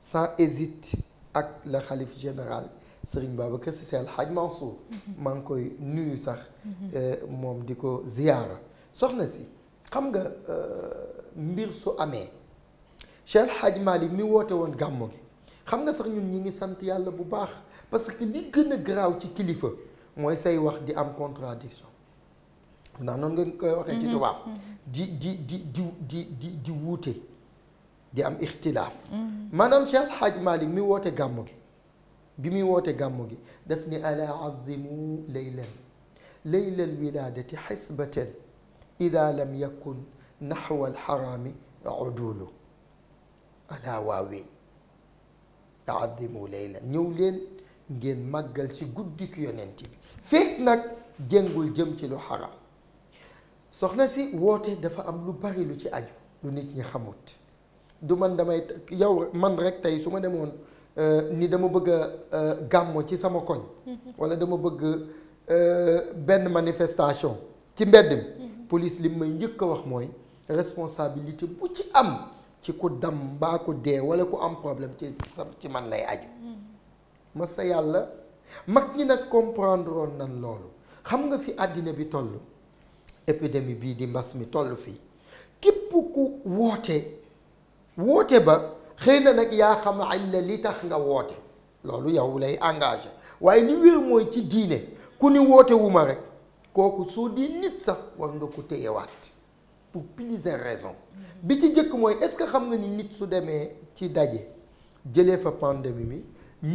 sans hésite avec le calife général Serigne que c'est le Hadj Mansour mhm. maa koy nuyu sax mhm. euh mom diko ziyara soxna xam nga euh, mbir su Cheikh Hadj Mali, mi woté won xam nga sax ñun ñi ngi parce que li a ci kilifa moy say wax di am contradiction na non nga koy ci mhm. di di di di di di دي ام اختلاف مانام شي الحاج مالي مي ووتو غاموغي بي مي ووتو غاموغي دافني الا عظموا ليلا ليل الولاده حسبه اذا لم يكن نحو الحرام عدول الا واوي عظموا ليلا نيولين نجن ماغال سي غودي كيوننتي فيت ناك جينغول جيم سي لو حرام سوخنا سي ووتو دافا ام لو باري لو سي اديو لو نيت ني خاموت du man damay yow man rek tey su ma demoon euh, ni dama bëgg euh, gàmmoo ci sama koñ. Mm-hmm. wala dama bëgg euh, benn manifestation ci mbedd mi. Mm-hmm. police li may njëkk a wax mooy responsabilité bu ci am ci ku dam mbaa ku dee wala ku am problème ci sa ci man lay aju. Mm-hmm. ma sa yàlla mag ñi nag comprendre woon nan loolu xam nga fi àddina bi toll épidémie bii di mbas mi toll fii képp ku woote. woote ba xëy na nag yaa xam illa li tax nga woote loolu yow lay engage waaye li wér mooy ci diine ku ni wootewuma rek kooku soo di nit sax war nga ko waat pour plusieurs raisons bi ci njëkk mooy est-ce que xam nga ni nit su demee ci daje jëlee fa pandémie mi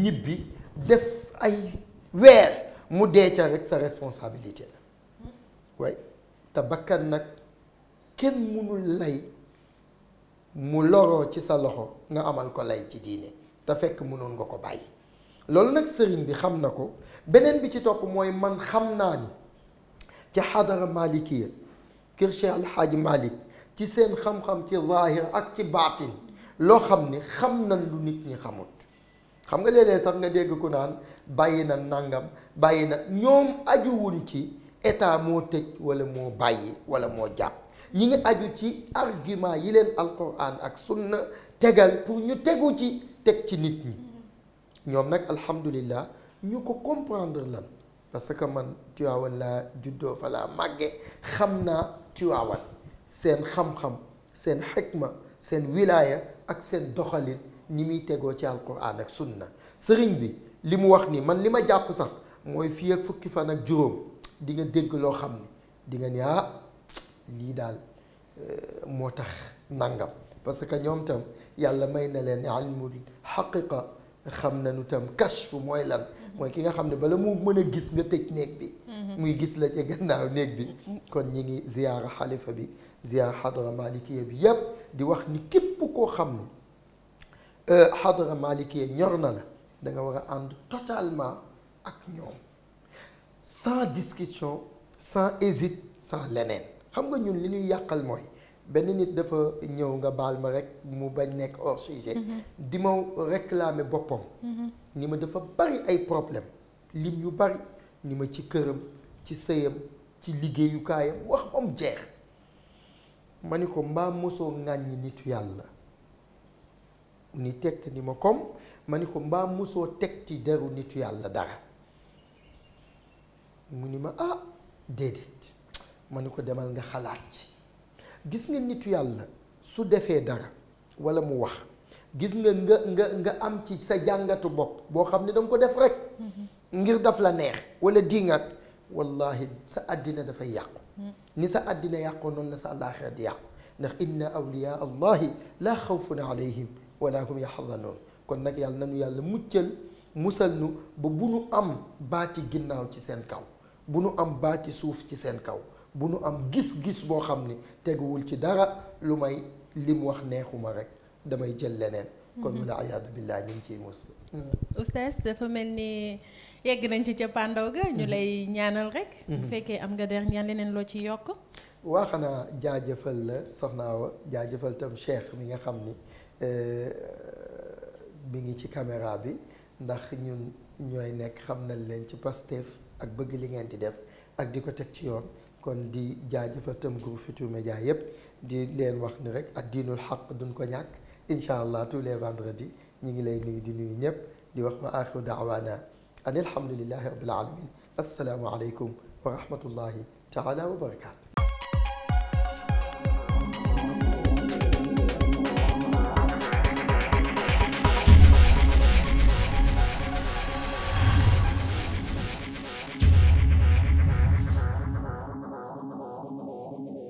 ñibbi def ay weer mu dee ca rek sa responsabilité la waaye te bakkan nag kenn mënul lay mu loroo ci sa loxo nga amal ko lay ci diine te fekk mënoon nga ko bàyyi loolu nag sëriñ bi xam na ko beneen bi ci topp mooy man xam naa ni ci xadara malikiya kër Cheikh Alxaaji Malik ci seen xam-xam ci zaahir ak ci baatin loo xam ni xam na lu nit ñi xamut xam nga léeg sax nga dégg ku naan bàyyi na nangam bàyyi na ñoom ajuwuñ ci état moo tëj wala moo bàyyi wala moo jàpp ñi ngi aju ci argument yi leen alquran ak sunna tegal pour ñu tegu ci teg ci nit ñi ñoom nag alhamdulillah ñu ko comprendre lan parce que man Tiwaawan laa juddoo fa laa màgge xam naa Tiwaawan seen xam-xam seen xikma seen wilaaya ak seen doxalin ni muy tegoo ci alquran ak sunna sëriñ bi li mu wax ni man li ma jàpp sax moy fi ak fukki fan ak juróom di nga deg lo xamni di nga ni li dal motax nangam parce que ñom tam yàlla may na len almul haqiqa xamna nu tam kashf moy lan moy ki nga xamni bala mu meuna gis nga tëj néeg bi muy gis la ci gannaaw néeg bi kon ñi ngi ziyara khalifa bi ziyara hadra malikiy bi yeb di wax ni kep ko xamni euh hadra malikiy ñorna la da nga wara ànd totalement ak ñoom sans discussion sans hésite sans leneen xam nga ñun li ñuy yàqal mooy benn nit dafa ñëw nga baal ma rekk mu bañ nekk orsige mm-hmm. di ma réclamer boppam mm-hmm. ni ma dafa bari ay problème lim yu bari ni ma ci këram ci sëyam ci liggéeyukaayam wax moom jeex ma ni ko mbaam mosoo ŋàññi nitu yàlla ni tekk ni ma comme ma ni ko mbaam mosoo teg ci deru nitu yàlla dara mu ni ma ah déedéet ma ni ko demal nga xalaat ci gis nga nitu yàlla su defee dara walla mu wax gis nga nga nga nga am ci sa jàngatu bopp boo xam ne danga ko def rek ngir daf la neex walla diingat wallahi sa àddina dafay yàqu ni sa àddina yàqoo noonu la sa àllaaxira di yàqu ndax inna awliyaa allahi laa xawfun alayhim wala hum yaxzanoon kon nag yàlla nanu yàlla muccal musal nu ba bu nu am baati ginnaaw ci seen kaw bu nu am baa ci suuf ci seen kaw bu nu am gis-gis boo xam ni teguwul ci dara lu may li mu wax neexuma rek damay jël leneen kon mu mhm. ne ayaadu billaa ñu ngi ciy mus mm. oustaz nañ ci cappaandaw ga ñu mhm. lay ñaanal rek mu mhm. fekkee am nga der ñaan leneen loo ci yokk waa xanaa jaajëfal la soxnaawa jaajëfal tam cheikh mi nga xam ni bi euh, ngi ci caméra bi ndax ñun ñooy nekk xam nañ leen ci Pastef ak bëgg li ngeen di def ak di ko teg ci yoon kon di jaajëfal tam groupe Futurs Médias yëpp di leen wax ne rek ak diinul xaq duñ ko ñàkk incha allah tous les vendredis ñu ngi lay nuyu di nuyu ñëpp di wax ma axiru daawaana an alhamdulillahi rabbil alamin assalaamu aleykum wa rahmatullahi taala wa